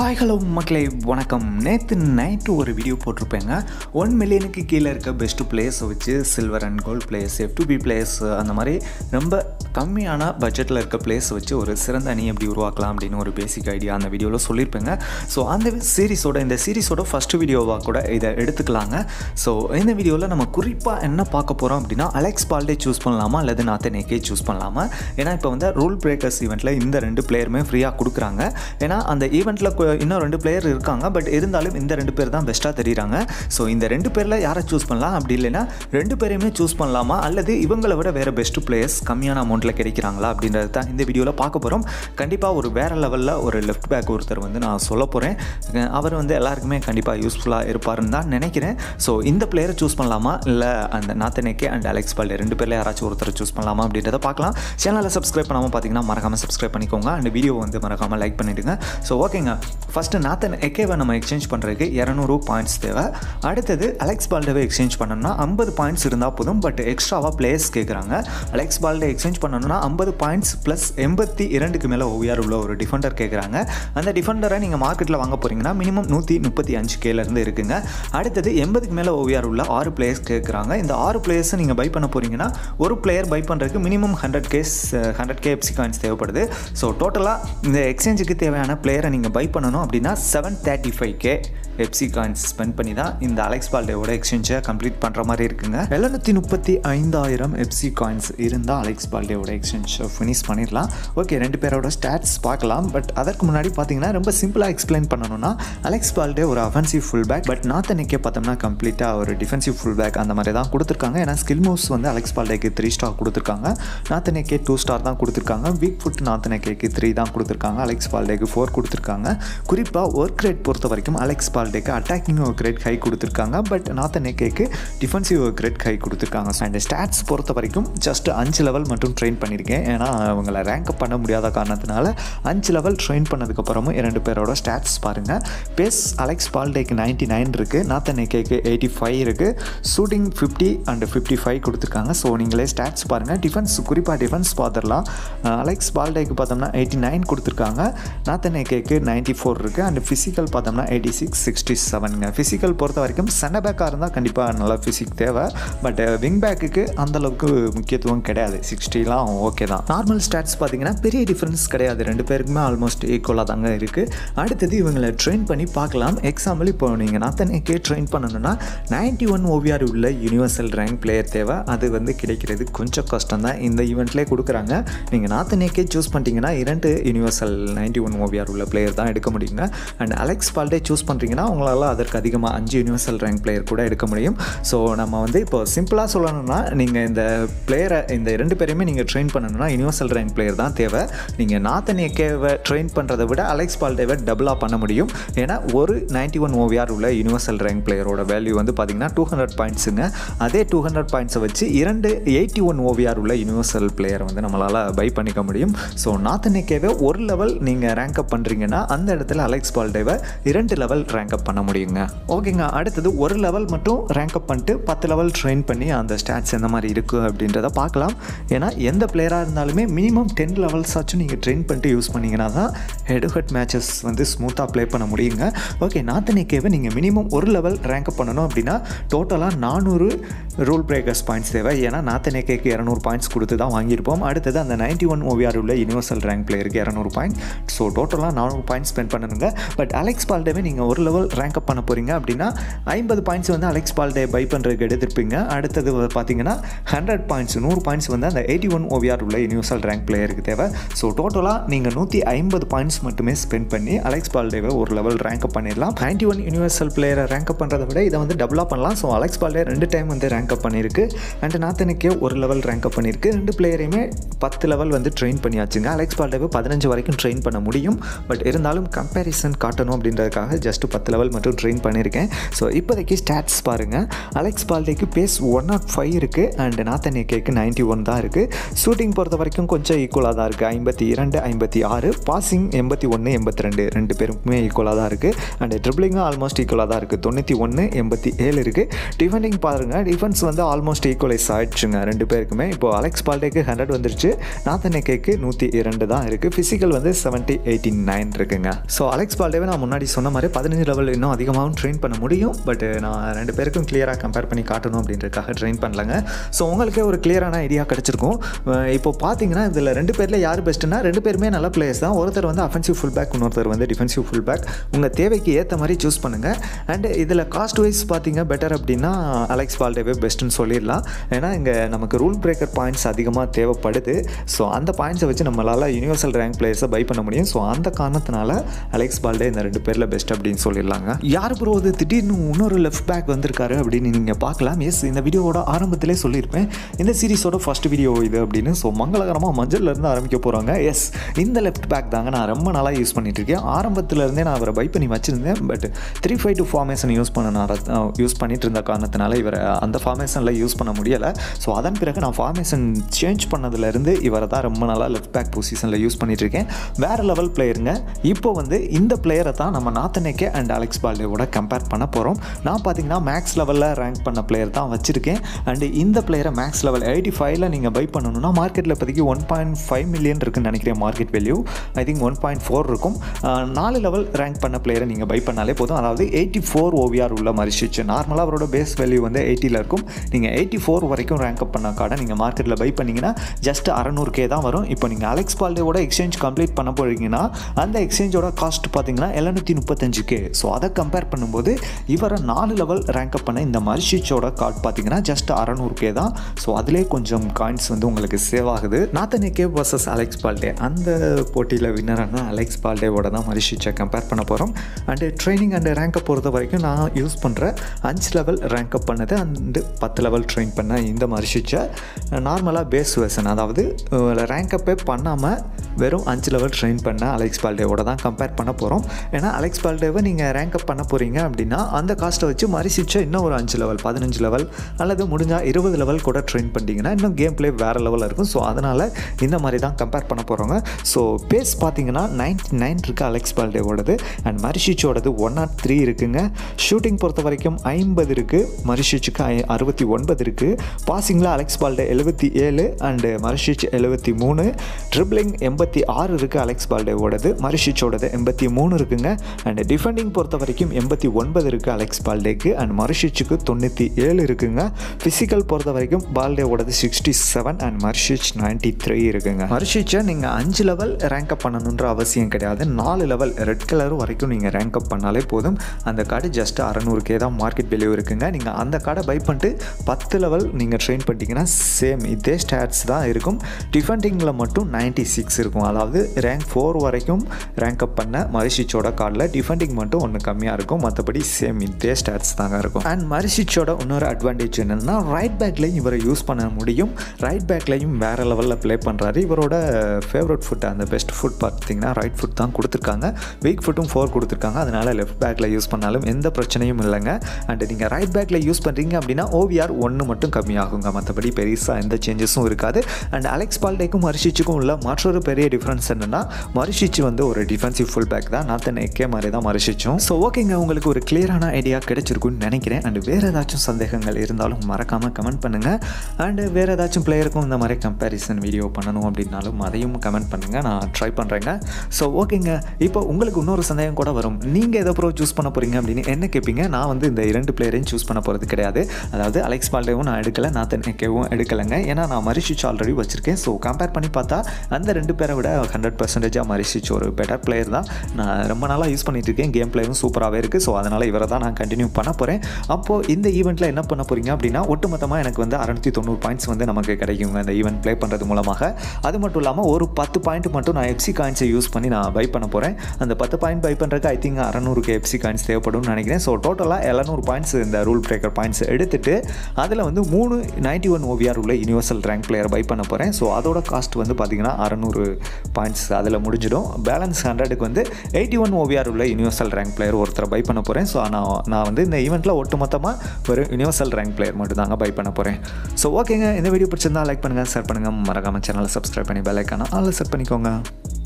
hi hello மக்களே வணக்கம் நேற்று நைட்டு ஒரு வீடியோ போட்டிருப்பேங்க ஒன் மில்லியனுக்கு கீழே இருக்க பெஸ்ட்டு பிளேயர்ஸை வச்சு silver and gold players F to P players அந்த மாதிரி ரொம்ப கம்மியான பட்ஜெட்டில் இருக்க பிளேயர்ஸ் வச்சு ஒரு சிறந்த அணி எப்படி உருவாக்கலாம் அப்படின்னு ஒரு பேசிக் ஐடியா அந்த வீடியோவில் சொல்லியிருப்பேங்க ஸோ அந்த சீரிஸோட இந்த சீரிஸோட ஃபஸ்ட்டு வீடியோவாக கூட இதை எடுத்துக்கலாங்க ஸோ இந்த வீடியோவில் நம்ம குறிப்பாக என்ன பார்க்க போகிறோம் அப்படின்னா அலெக்ஸ் பால்டே சூஸ் பண்ணலாமா அல்லது நேக்கே சூஸ் பண்ணலாமா ஏன்னா இப்போ வந்து ரூல் பிரேக்கர்ஸ் ஈவெண்ட்டில் இந்த ரெண்டு பிளேயருமே ஃப்ரீயாக கொடுக்குறாங்க ஏன்னா அந்த ஈவெண்ட்டில் இன்னும் ரெண்டு பிளேயர் இருக்காங்க பட் இருந்தாலும் இந்த ரெண்டு பேர் தான் பெஸ்ட்டாக தெரியுறாங்க ஸோ இந்த ரெண்டு பேரில் யாரை சூஸ் பண்ணலாம் அப்படி இல்லைன்னா ரெண்டு பேரையுமே சூஸ் பண்ணலாமா அல்லது இவங்களை விட வேறு பெஸ்ட்டு பிளேயர்ஸ் கம்மியான அமௌண்ட்டில் கிடைக்கிறாங்களா அப்படின்றது தான் இந்த வீடியோவில் பார்க்க போகிறோம் கண்டிப்பாக ஒரு வேறு லெவலில் ஒரு லெஃப்ட் பேக் ஒருத்தர் வந்து நான் சொல்ல போகிறேன் அவர் வந்து எல்லாருக்குமே கண்டிப்பாக யூஸ்ஃபுல்லாக இருப்பாருன்னு தான் நினைக்கிறேன் ஸோ இந்த பிளேயரை சூஸ் பண்ணலாமா இல்லை அந்த நாத்தனைக்கே அண்ட் அலெக்ஸ் பால் ரெண்டு பேரில் யாராச்சும் ஒருத்தர் சூஸ் பண்ணலாமா அப்படின்றத பார்க்கலாம் சேனலில் சப்ஸ்கிரைப் பண்ணாமல் பார்த்தீங்கன்னா மறக்காமல் சப்ஸ்கிரைப் பண்ணிக்கோங்க அண்ட் வீடியோ வந்து மறக்காமல் லைக் பண்ணிவிடுங்க ஸோ ஓகேங்க ஃபஸ்ட்டு நாத்தன் எக்கேவை நம்ம எக்ஸ்சேஞ்ச் பண்ணுறதுக்கு இரநூறு பாயிண்ட்ஸ் தேவை அடுத்தது அலெக்ஸ் பால்டவை எக்ஸ்சேஞ்ச் பண்ணணும்னா ஐம்பது பாயிண்ட்ஸ் இருந்தால் போதும் பட் எக்ஸ்ட்ராவாக பிளேயர்ஸ் கேட்குறாங்க அலெக்ஸ் பால்டே எக்ஸ்சேஞ்ச் பண்ணணும்னா ஐம்பது பாயிண்ட்ஸ் ப்ளஸ் எண்பத்தி இரண்டுக்கு மேலே ஓவியார் உள்ள ஒரு டிஃபெண்டர் கேட்குறாங்க அந்த டிஃபெண்டரை நீங்கள் மார்க்கெட்டில் வாங்க போகிறீங்கன்னா மினிமம் நூற்றி முப்பத்தி அஞ்சு கேலேருந்து இருக்குங்க அடுத்தது எண்பதுக்கு மேலே ஓவியார் உள்ள ஆறு பிளேயர்ஸ் கேட்குறாங்க இந்த ஆறு பிளேயர்ஸை நீங்கள் பை பண்ண போகிறீங்கன்னா ஒரு பிளேயர் பை பண்ணுறதுக்கு minimum hundred Ks hundred K coins தேவைப்படுது ஸோ டோட்டலாக இந்த எக்ஸ்சேஞ்சுக்கு தேவையான பிளேயரை நீங்கள் பை பண்ணணும் அப்படின்னா seven thirty five K FC coins spend பண்ணி தான் இந்த அலெக்ஸ் பால்டேவோட எக்ஸ்சேஞ்சை கம்ப்ளீட் பண்ணுற மாதிரி இருக்குங்க எழுநூற்றி முப்பத்தி ஐந்தாயிரம் எப்சி காயின்ஸ் இருந்தால் அலெக்ஸ் பால்டேவோட எக்ஸ்சேஞ்சை ஃபினிஷ் பண்ணிடலாம் ஓகே ரெண்டு பேரோட ஸ்டாட்ஸ் பார்க்கலாம் பட் அதற்கு முன்னாடி பார்த்தீங்கன்னா ரொம்ப சிம்பிளாக எக்ஸ்பிளைன் பண்ணணும்னா அலெக்ஸ் பால்டே ஒரு அஃபென்சிவ் ஃபுல் பேக் பட் நாத்தனைக்கே பார்த்தோம்னா கம்ப்ளீட்டாக ஒரு டிஃபென்சிவ் ஃபுல் பேக் அந்த மாதிரி தான் கொடுத்துருக்காங்க ஏன்னா ஸ்கில் மூவ்ஸ் வந்து அலெக்ஸ் பால்டேக்கு த்ரீ ஸ்டார் கொடுத்துருக்காங்க நாத்தனைக்கே டூ ஸ்டார் தான் கொடுத்துருக்காங்க வீக் ஃபுட் நாத்தனைக்கேக்கு த்ரீ தான் கொடுத்துருக்காங்க அலெக்ஸ் பால்டேக்கு ஃபோர் கொடுத்துருக்காங்க குறிப்பாக ஒர்க் ரேட் பொறுத்த வரைக்கும் அலெக்ஸ் பால்டேக்கு அட்டாக்கிங் ஒர்க் ரேட் ஹை கொடுத்துருக்காங்க பட் நாத்தன் எக்கேக்கு டிஃபென்சிவ் ஒர்க் ரேட் ஹை கொடுத்துருக்காங்க அண்ட் ஸ்டாட்ஸ் பொறுத்த வரைக்கும் ஜஸ்ட் அஞ்சு லெவல் மட்டும் ட்ரெயின் பண்ணியிருக்கேன் ஏன்னா அவங்கள ரேங்க் பண்ண முடியாத காரணத்தினால அஞ்சு லெவல் ட்ரெயின் பண்ணதுக்கப்புறமும் இரண்டு பேரோட ஸ்டாட்ஸ் பாருங்கள் பேஸ் அலெக்ஸ் பால்டேக்கு நைன்ட்டி நைன் இருக்குது நாத்தன் எக்கேக்கு எயிட்டி ஃபைவ் இருக்குது shooting fifty and fifty five கொடுத்துருக்காங்க ஸோ நீங்களே ஸ்டாட்ஸ் பாருங்கள் டிஃபென்ஸ் குறிப்பாக டிஃபென்ஸ் பார்த்துடலாம் அலெக்ஸ் பால்டேக்கு பார்த்தோம்னா எயிட்டி நைன் கொடுத்துருக்காங்க நாத்தன் எக்கேக்கு நைன்ட்டி ஃபோர் இருக்குது அண்ட் ஃபிசிக்கல் பார்த்தோம்னா எயிட்டி சிக்ஸ் சிக்ஸ்டி செவனுங்க ஃபிசிக்கல் பொறுத்த வரைக்கும் சென்ன பேக்காக இருந்தால் கண்டிப்பாக நல்லா ஃபிசிக் தேவை பட் விங் uh, பேக்குக்கு அந்தளவுக்கு முக்கியத்துவம் கிடையாது சிக்ஸ்டிலாம் ஓகே தான் நார்மல் ஸ்டாட்ஸ் பார்த்தீங்கன்னா பெரிய டிஃப்ரென்ஸ் கிடையாது ரெண்டு பேருக்குமே ஆல்மோஸ்ட் ஈக்குவலாக தாங்க இருக்குது அடுத்தது இவங்களை ட்ரெயின் பண்ணி பார்க்கலாம் எக்ஸாம்பிள் இப்போ நீங்கள் நாத்தனைக்கே ட்ரெயின் பண்ணணும்னா நைன்டி ஒன் ஓவிஆர் உள்ள யூனிவர்சல் ரேங்க் பிளேயர் தேவை அது வந்து கிடைக்கிறது கொஞ்சம் கஷ்டம் தான் இந்த ஈவெண்ட்லேயே கொடுக்குறாங்க நீங்கள் நாத்தனைக்கே சூஸ் பண்ணிட்டீங்கன்னா இரண்டு யூனிவர்சல் நைன்டி ஒன் ஓவிஆர் உள்ள பிளேயர் தான் எடுக்க எடுக்க முடியுங்க அண்ட் அலெக்ஸ் பால்டே சூஸ் பண்ணுறீங்கன்னா உங்களால் அதற்கு அதிகமாக அஞ்சு யூனிவர்சல் ரேங்க் பிளேயர் கூட எடுக்க முடியும் ஸோ நம்ம வந்து இப்போ சிம்பிளாக சொல்லணும்னா நீங்கள் இந்த பிளேயரை இந்த ரெண்டு பேரையுமே நீங்கள் ட்ரெயின் பண்ணணும்னா யூனிவர்சல் ரேங்க் பிளேயர் தான் தேவை நீங்கள் நாத்தன் எக்கேவை ட்ரெயின் பண்ணுறதை விட அலெக்ஸ் பால்டேவை டபுளாக பண்ண முடியும் ஏன்னா ஒரு நைன்டி ஒன் ஓவியார் உள்ள யூனிவர்சல் ரேங்க் பிளேயரோட வேல்யூ வந்து பார்த்திங்கன்னா டூ ஹண்ட்ரட் பாயிண்ட்ஸுங்க அதே டூ ஹண்ட்ரட் பாயிண்ட்ஸை வச்சு இரண்டு எயிட்டி ஒன் ஓவியார் உள்ள யூனிவர்சல் பிளேயரை வந்து நம்மளால் பை பண்ணிக்க முடியும் ஸோ நாத்தன் எக்கேவே ஒரு லெவல் நீங்கள் ரேங்க் அப் பண்ணுறீங்கன்னா அந்த இடத்துல அலெக்ஸ் பால்டேவை இரண்டு லெவல் ரேங்க் அப் பண்ண முடியுங்க ஓகேங்க அடுத்தது ஒரு லெவல் மட்டும் ரேங்க் அப் பண்ணிட்டு பத்து லெவல் ட்ரெயின் பண்ணி அந்த ஸ்டாட்ஸ் எந்த மாதிரி இருக்குது அப்படின்றத பார்க்கலாம் ஏன்னா எந்த பிளேயராக இருந்தாலுமே மினிமம் டென் லெவல்ஸ் ஆச்சும் நீங்கள் ட்ரெயின் பண்ணிட்டு யூஸ் பண்ணிங்கன்னா தான் ஹெட் ஹெட் மேட்சஸ் வந்து ஸ்மூத்தாக ப்ளே பண்ண முடியுங்க ஓகே நாத்தனிக்கேவை நீங்கள் மினிமம் ஒரு லெவல் ரேங்க் அப் பண்ணணும் அப்படின்னா டோட்டலாக நானூறு ரூல் பிரேக்கர்ஸ் பாயிண்ட்ஸ் தேவை ஏன்னா கேக்கு இரநூறு பாயிண்ட்ஸ் கொடுத்து தான் வாங்கியிருப்போம் அடுத்தது அந்த நைன்டி ஒன் ஓவிஆர் உள்ள யூனிவர்சல் ரேங்க் பிளேயருக்கு இரநூறு பாயிண்ட் ஸோ டோட்டலாக நானூறு பாயிண்ட்ஸ் ஸ்பெண்ட் கமெண்ட் பண்ணணுங்க பட் அலெக்ஸ் பால்டேவே நீங்கள் ஒரு லெவல் ரேங்க் அப் பண்ண போகிறீங்க அப்படின்னா ஐம்பது பாயிண்ட்ஸ் வந்து அலெக்ஸ் பால்டே பை பண்ணுறதுக்கு எடுத்திருப்பீங்க அடுத்தது பார்த்தீங்கன்னா ஹண்ட்ரட் பாயிண்ட்ஸ் நூறு பாயிண்ட்ஸ் வந்து அந்த எயிட்டி ஒன் ஓவியார் உள்ள யூனிவர்சல் ரேங்க் பிளேயருக்கு தேவை ஸோ டோட்டலாக நீங்கள் நூற்றி ஐம்பது பாயிண்ட்ஸ் மட்டுமே ஸ்பெண்ட் பண்ணி அலெக்ஸ் பால்டேவை ஒரு லெவல் ரேங்க் அப் பண்ணிடலாம் நைன்டி ஒன் யூனிவர்சல் பிளேயரை ரேங்க் அப் பண்ணுறத விட இதை வந்து டபுளாக பண்ணலாம் ஸோ அலெக்ஸ் பால்டே ரெண்டு டைம் வந்து ரேங்க் அப் பண்ணியிருக்கு அண்ட் நாத்தனுக்கே ஒரு லெவல் ரேங்க் அப் பண்ணியிருக்கு ரெண்டு பிளேயரையுமே பத்து லெவல் வந்து ட்ரெயின் பண்ணியாச்சுங்க அலெக்ஸ் பால்டேவை பதினஞ்சு வரைக்கும் ட்ரெயின் பண்ண முடியும் பட் இருந்தாலும் கம்பேரிசன் காட்டணும் அப்படின்றதுக்காக ஜஸ்ட் பத்து லெவல் மட்டும் ட்ரெயின் பண்ணியிருக்கேன் ஸோ இப்போதைக்கு ஸ்டாட்ஸ் பாருங்கள் அலெக்ஸ் பால்டேக்கு பேஸ் ஒன் நாட் ஃபைவ் இருக்குது அண்ட் நாத்தன் கேக்கு நைன்ட்டி ஒன் தான் இருக்குது ஷூட்டிங் பொறுத்த வரைக்கும் கொஞ்சம் ஈக்குவலாக தான் இருக்குது ஐம்பத்தி இரண்டு ஐம்பத்தி ஆறு பாசிங் எண்பத்தி ஒன்று எண்பத்தி ரெண்டு ரெண்டு பேருக்குமே ஈக்குவலாக தான் இருக்குது அண்ட் ட்ரிப்ளிங்கும் ஆல்மோஸ்ட் ஈக்குவலாக தான் இருக்குது தொண்ணூற்றி ஒன்று எண்பத்தி ஏழு இருக்குது டிஃபெண்டிங் பாருங்கள் டிஃபென்ஸ் வந்து ஆல்மோஸ்ட் ஈக்குவலைஸ் ஆகிடுச்சுங்க ரெண்டு பேருக்குமே இப்போது அலெக்ஸ் பால்டேக்கு ஹண்ட்ரட் வந்துருச்சு நாத்தன் கேக்கு நூற்றி இரண்டு தான் இருக்குது ஃபிசிக்கல் வந்து செவன்ட்டி எயிட்டி நைன் இருக்குங்க ஸோ அலெக்ஸ் பால்டேவே நான் முன்னாடி சொன்ன மாதிரி பதினஞ்சு லெவல் இன்னும் அதிகமாகவும் ட்ரெயின் பண்ண முடியும் பட் eh, நான் ரெண்டு பேருக்கும் கிளியராக கம்பேர் பண்ணி காட்டணும் அப்படின்றக்காக ட்ரெயின் பண்ணலங்க ஸோ உங்களுக்கே ஒரு கிளியரான ஐடியா கிடச்சிருக்கும் இப்போ பார்த்தீங்கன்னா இதில் ரெண்டு பேரில் யார் பெஸ்ட்டுன்னா ரெண்டு பேருமே நல்ல பிளேயர்ஸ் தான் ஒருத்தர் வந்து அஃபென்சிவ் ஃபுல் பேக் இன்னொருத்தர் வந்து டிஃபென்சிவ் ஃபுல் பேக் உங்கள் தேவைக்கு ஏற்ற மாதிரி சூஸ் பண்ணுங்கள் அண்ட் இதில் காஸ்ட் வைஸ் பார்த்தீங்க பெட்டர் அப்படின்னா அலெக்ஸ் பால்டேவே பெஸ்ட்டுன்னு சொல்லிடலாம் ஏன்னா இங்கே நமக்கு ரூல் பிரேக்கர் பாயிண்ட்ஸ் அதிகமாக தேவைப்படுது ஸோ அந்த பாயிண்ட்ஸை வச்சு நம்மளால் யூனிவர்சல் ரேங்க் பிளேயர்ஸை பை பண்ண முடியும் ஸோ அந்த காரணத்தினால அலெக்ஸ் பால்டே இந்த ரெண்டு பேரில் பெஸ்ட் அப்படின்னு சொல்லிடலாங்க யார் ப்ரோ அது திடீர்னு இன்னொரு லெஃப்ட் பேக் வந்திருக்காரு அப்படின்னு நீங்கள் பார்க்கலாம் எஸ் இந்த வீடியோவோட ஆரம்பத்திலே சொல்லியிருப்பேன் இந்த சீரிஸோட ஃபஸ்ட் வீடியோ இது அப்படின்னு ஸோ மங்களகரமாக மஞ்சள்லேருந்து ஆரம்பிக்க போகிறாங்க எஸ் இந்த லெஃப்ட் பேக் தாங்க நான் ரொம்ப நாளாக யூஸ் பண்ணிட்டுருக்கேன் இருக்கேன் ஆரம்பத்துலேருந்தே நான் அவரை பை பண்ணி வச்சுருந்தேன் but three five two formation use பண்ண யூஸ் பண்ணிட்டு இருந்த காரணத்தினால இவரை அந்த ஃபார்மேஷனில் யூஸ் பண்ண முடியலை ஸோ அதன் பிறகு நான் ஃபார்மேஷன் சேஞ்ச் பண்ணதுலேருந்து இவரை தான் ரொம்ப நாளாக லெஃப்ட் பேக் பொசிஷனில் யூஸ் பண்ணிட்டுருக்கேன் வேறு லெவல் பிளேயருங்க இப்போ வந்து இந்த பிளேயரை தான் நம்ம நாத்தனேக்கே அண்ட் அலெக்ஸ் பால்டேவோட கம்பேர் பண்ண போகிறோம் நான் பார்த்தீங்கன்னா மேக்ஸ் லெவலில் ரேங்க் பண்ண பிளேயர் தான் வச்சுருக்கேன் அண்டு இந்த பிளேயரை மேக்ஸ் லெவல் எயிட்டி ஃபைவ்ல நீங்கள் பை பண்ணணும்னா மார்க்கெட்டில் இப்போதைக்கு ஒன் பாயிண்ட் ஃபைவ் மில்லியன் இருக்குன்னு நினைக்கிறேன் market value I think one point four இருக்கும் நாலு லெவல் ரேங்க் பண்ண பிளேயரை நீங்கள் பை பண்ணாலே போதும் அதாவது எயிட்டி ஃபோர் ஓவிஆர் உள்ள மாதிரி சுவிச்சு நார்மலாக அவரோட பேஸ் வேல்யூ வந்து எயிட்டியில் இருக்கும் நீங்கள் எயிட்டி ஃபோர் வரைக்கும் ரேங்க் அப் பண்ண கார்டை நீங்கள் மார்க்கெட்டில் பை பண்ணிங்கன்னா ஜஸ்ட் அறநூறு கே தான் வரும் இப்போ நீங்கள் அலெக்ஸ் பால்டேவோட எக்ஸ்சேஞ்ச் கம்ப்ளீட் பண்ண போகிறீங்கன்னா அந்த எக்ஸ்சேஞ்சோட இவரோட காஸ்ட் பார்த்தீங்கன்னா எழுநூற்றி முப்பத்தஞ்சு கே ஸோ அதை கம்பேர் பண்ணும்போது இவரை நாலு லெவல் ரேங்க் பண்ண இந்த மர்ஷிச்சோட கார்டு பார்த்தீங்கன்னா ஜஸ்ட் அறநூறு கே தான் ஸோ அதிலே கொஞ்சம் காயின்ஸ் வந்து உங்களுக்கு சேவ் ஆகுது நாத்தனே கே வர்சஸ் அலெக்ஸ் பால்டே அந்த போட்டியில் வின்னரான அலெக்ஸ் பால்டேவோட தான் மரிஷிச்சை கம்பேர் பண்ண போகிறோம் அண்டு ட்ரைனிங் அண்டு ரேங்கை பொறுத்த வரைக்கும் நான் யூஸ் பண்ணுற அஞ்சு லெவல் ரேங்கப் பண்ணது அண்டு பத்து லெவல் ட்ரெயின் பண்ண இந்த மரிஷிச்சை நார்மலாக பேஸ் வேர்ஷன் அதாவது ரேங்கப்பே பண்ணாமல் வெறும் அஞ்சு லெவல் ட்ரெயின் பண்ண அலெக்ஸ் பால்டேவோட தான் கம்பேர் கம்பேர் பண்ண போகிறோம் ஏன்னா அலெக்ஸ் பால்டேவை நீங்கள் ரேங்க் அப் பண்ண போகிறீங்க அப்படின்னா அந்த காஸ்ட்டை வச்சு மரிசிச்சை இன்னும் ஒரு அஞ்சு லெவல் பதினஞ்சு லெவல் அல்லது முடிஞ்சால் இருபது லெவல் கூட ட்ரெயின் பண்ணிட்டீங்கன்னா இன்னும் கேம் ப்ளே வேறு லெவலில் இருக்கும் ஸோ அதனால் இந்த மாதிரி தான் கம்பேர் பண்ண போகிறோங்க ஸோ பேஸ் பார்த்தீங்கன்னா நைன்டி நைன் இருக்குது அலெக்ஸ் பால்டேவோடது அண்ட் மரிஷிச்சோடது ஒன் நாட் த்ரீ இருக்குங்க ஷூட்டிங் பொறுத்த வரைக்கும் ஐம்பது இருக்குது மரிஷிச்சுக்கு ஐ அறுபத்தி ஒன்பது இருக்குது பாசிங்கில் அலெக்ஸ் பால்டே எழுபத்தி ஏழு அண்டு மரிஷிச் எழுபத்தி மூணு ட்ரிப்ளிங் எண்பத்தி ஆறு இருக்குது அலெக்ஸ் பால்டேவோடது மரிஷிச்சோடது எண்பத்தி மூணு இருக்குங்க அண்ட் டிஃபெண்டிங் பொறுத்த வரைக்கும் எண்பத்தி ஒன்பது இருக்குது அலெக்ஸ் பால்டேக்கு அண்ட் மரிஷிச்சுக்கு தொண்ணூற்றி ஏழு இருக்குங்க ஃபிசிக்கல் பொறுத்த வரைக்கும் பால்டேவோடது sixty seven and Marusic ninety three இருக்குங்க மர்ஷிச்சை நீங்கள் அஞ்சு லெவல் ரேங்க் அப் பண்ணணுன்ற அவசியம் கிடையாது நாலு லெவல் ரெட் கலர் வரைக்கும் நீங்கள் ரேங்க் அப் பண்ணாலே போதும் அந்த கார்டு ஜஸ்ட் அறநூறுக்கே தான் மார்க்கெட் வேல்யூ இருக்குங்க நீங்கள் அந்த கார்டை பை பண்ணிட்டு பத்து லெவல் நீங்கள் ட்ரெயின் பண்ணிட்டீங்கன்னா சேம் இதே ஸ்டாட்ஸ் தான் இருக்கும் டிஃபெண்டிங்கில் மட்டும் நைன்ட்டி சிக்ஸ் இருக்கும் அதாவது ரேங்க் ஃபோர் வரைக்கும் ரேங்க் அப் பண்ண மரிசிச்சோட கார்டில் டிஃபெண்டிங் மட்டும் ஒன்று கம்மியாக இருக்கும் மற்றபடி சேம் இதே ஸ்டாட்ஸ் தாங்க இருக்கும் அண்ட் மரிசிச்சோட இன்னொரு அட்வான்டேஜ் என்னென்னா ரைட் பேக்லையும் இவரை யூஸ் பண்ண முடியும் ரைட் பேக்லையும் வேறு லெவலில் ப்ளே பண்ணுறாரு இவரோட ஃபேவரட் ஃபுட் அந்த பெஸ்ட் ஃபுட் பார்த்தீங்கன்னா ரைட் ஃபுட் தான் கொடுத்துருக்காங்க வீக் ஃபுட்டும் ஃபோர் கொடுத்துருக்காங்க அதனால் லெஃப்ட் பேக்கில் யூஸ் பண்ணாலும் எந்த பிரச்சனையும் இல்லைங்க அண்ட் நீங்கள் ரைட் பேக்கில் யூஸ் பண்ணுறீங்க அப்படின்னா ஓவிஆர் ஒன்று மட்டும் கம்மியாகுங்க மற்றபடி பெருசாக எந்த சேஞ்சஸும் இருக்காது அண்ட் அலெக்ஸ் பால்டேக்கும் மரிஷிச்சுக்கும் உள்ள மற்றொரு பெரிய டிஃப்ரென்ஸ் என்னென்னா மரிஷிச்சு வந்து ஒரு டிஃபென்சிவ் ஃபுல் பேக் தான் நாத்தன் எக்கே மாதிரி தான் மறைச்சிச்சோம் ஸோ ஓகேங்க உங்களுக்கு ஒரு கிளியரான ஐடியா கிடைச்சிருக்குன்னு நினைக்கிறேன் அண்ட் வேறு ஏதாச்சும் சந்தேகங்கள் இருந்தாலும் மறக்காமல் கமெண்ட் பண்ணுங்கள் அண்டு வேறு ஏதாச்சும் பிளேயருக்கும் இந்த மாதிரி கம்பேரிசன் வீடியோ பண்ணணும் அப்படின்னாலும் அதையும் கமெண்ட் பண்ணுங்கள் நான் ட்ரை பண்ணுறேங்க ஸோ ஓகேங்க இப்போ உங்களுக்கு இன்னொரு சந்தேகம் கூட வரும் நீங்கள் எதை ப்ரோ சூஸ் பண்ண போகிறீங்க அப்படின்னு என்ன கேட்பீங்க நான் வந்து இந்த இரண்டு பிளேயரையும் சூஸ் பண்ண போகிறது கிடையாது அதாவது அலெக்ஸ் பால்டேவும் நான் எடுக்கலை நான் தென்னைக்கேவும் எடுக்கலைங்க ஏன்னா நான் மரிஷிச் ஆல்ரெடி வச்சுருக்கேன் ஸோ கம்பேர் பண்ணி பார்த்தா அந்த ரெண்டு பேரை விட ஹண்ட்ரட் பர்சன்டேஜாக மரிஷிச்சு ஒரு பெட்டர் பிளேயர் தான் தான் நான் ரொம்ப நாளாக யூஸ் பண்ணிகிட்டு இருக்கேன் கேம் பிளேவும் சூப்பராகவே இருக்குது ஸோ அதனால் இவரை தான் நான் கண்டினியூ பண்ண போகிறேன் அப்போது இந்த ஈவெண்ட்டில் என்ன பண்ண போகிறீங்க அப்படின்னா ஒட்டுமொத்தமாக எனக்கு வந்து அறநூற்றி தொண்ணூறு பாயிண்ட்ஸ் வந்து நமக்கு கிடைக்கும் அந்த ஈவெண்ட் ப்ளே பண்ணுறது மூலமாக அது மட்டும் இல்லாமல் ஒரு பத்து பாயிண்ட் மட்டும் நான் எப்சி காயின்ஸை யூஸ் பண்ணி நான் பை பண்ண போகிறேன் அந்த பத்து பாயிண்ட் பை பண்ணுறதுக்கு ஐ திங்க் அறநூறுக்கு எப்சி காயின்ஸ் தேவைப்படும் நினைக்கிறேன் ஸோ டோட்டலாக எழுநூறு பாயிண்ட்ஸ் இந்த ரூல் பிரேக்கர் பாயிண்ட்ஸ் எடுத்துட்டு அதில் வந்து மூணு நைன்ட்டி ஒன் ஓவிஆர் உள்ள யூனிவர்சல் ரேங்க் பிளேயர் பை பண்ண போகிறேன் ஸோ அதோட காஸ்ட் வந்து பார்த்திங்கன்னா அறநூறு பாயிண்ட்ஸ் அதில் முடிஞ்சிடும் பேலன்ஸ் ஹண்ட்ரடுக்கு வந்து எயிட்டி ஒன் ஓவிஆர் உள்ள யூனிவர்சல் ரேங்க் பிளேயர் ஒருத்தரை பை பண்ண போகிறேன் ஸோ நான் நான் வந்து இந்த ஈவெண்ட்டில் ஒட்டுமொத்தமாக ஒரு யூனிவர்சல் ரேங்க் பிளேயர் மட்டும் தாங்க பை பண்ண போகிறேன் ஸோ ஓகேங்க இந்த வீடியோ பிடிச்சிருந்தா லைக் பண்ணுங்கள் ஷேர் பண்ணுங்கள் மறக்காமல் சேனலை சப்ஸ்கிரைப் பண்ணி பெல் ஐக்கான ஆளில் செட் பண்ணிக்கோங்க